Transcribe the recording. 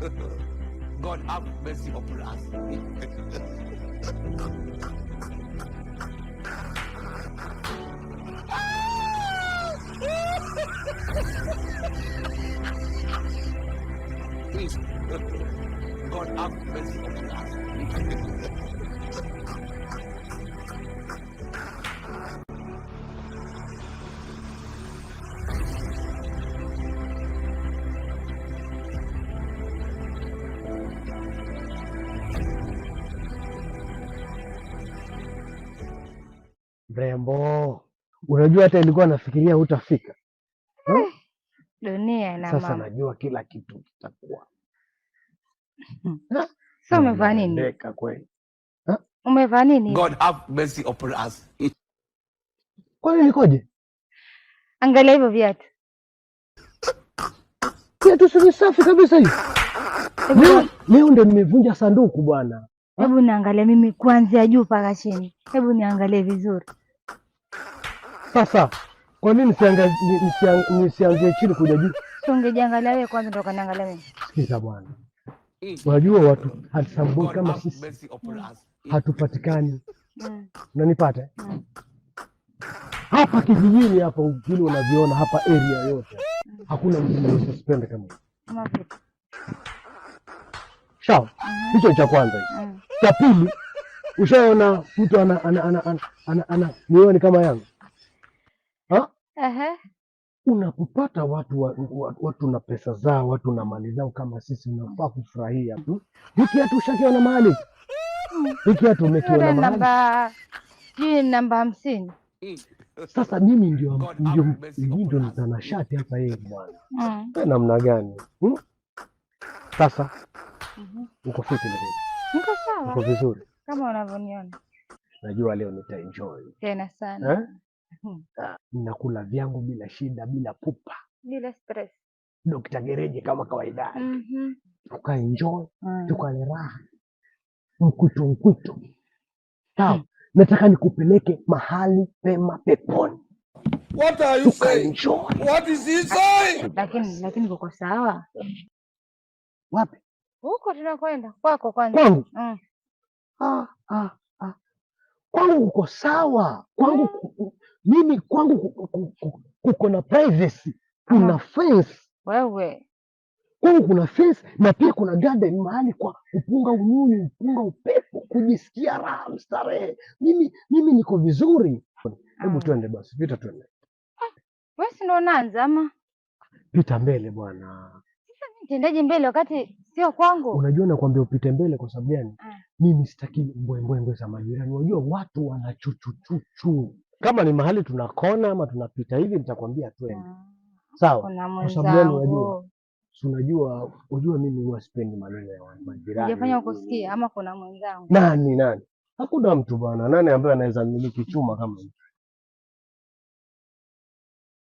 God have mercy upon us. Please, God have mercy upon us. Mrembo, unajua hata ilikuwa nafikiria hutafika eh, hmm? Dunia na sasa Najua kila kitu kitakuwa hmm. so umevaa nini? Kweli umevaa nini? God have mercy upon us. nini nikoje? Angalia hivyo viatu viatu, si safi kabisa hivi leo, leo ndo nimevunja sanduku bwana. Hebu niangalie mimi kuanzia juu mpaka chini, hebu niangalie vizuri. Sasa kwa nini nisianzie chini kuja juu? Ungejiangalia wewe kwanza, ndio kaniangalia mimi. Sikiza bwana, unajua watu hatambui kama sisi hatupatikani. Mm. Unanipata mm. hapa kijijini hapa, vile unaviona hapa area yote, mm. hakuna mtu mwenye suspend kama Sawa, ah. hicho cha kwanza. Mm. Cha pili, ushaona mtu ana ana ana ana, ana, ana kama yangu ha? Unapopata watu, watu na pesa zao watu na mali zao kama sisi, unafaa kufurahia tu. Hikiatu ushakiona mahali hikiatu umekiona mahali sijui namba hamsini. Sasa mimi ndio ndio mtanashati hapa yeye bwana, mm. namna gani hmm? sasa Uko fiti na niko sawa. Uko vizuri kama unavyoniona. Najua leo nitaenjoy tena sana. Eh? Hmm. Ah, ninakula vyangu bila shida, bila pupa, bila stress. Dokta Gereje kama kawaida yake. mm -hmm. Tukaenjoy mm. tukale raha mkuto mkuto. Sawa mm. Nataka nikupeleke mahali pema peponi. What are you saying? What is he saying? Lakini lakini uko sawa wapi? huko tunakwenda kwako kwanza. Kwangu mm. ah, ah, ah. kwangu uko sawa kwangu mm. mimi kwangu kuko na privacy, kuna ah. fence wewe kwangu kuna fence na pia kuna garden mahali kwa kupunga unyunyu, kupunga upepo, kujisikia raha, starehe. Mimi mimi niko vizuri. Hebu mm. twende basi, pita twende. Ah, wewe si ndo unaanza ama? Pita mbele bwana. Sasa nitendaje mbele wakati sio kwangu. Unajua nakwambia upite mbele kwa sababu gani? Ah. Mimi sitaki mbwembwembwe za majirani. Unajua watu wanachuchuchuchu Kama ni mahali tunakona ama tunapita hivi, nitakwambia twende, ah, sawa? Kwa sababu gani? Unajua unajua unajua, mimi huwa sipendi maneno ya majirani. Ungefanya ukusikia ama kuna mwenzangu? Nani nani? Hakuna mtu bwana. Nani ambaye anaweza miliki chuma kama mimi?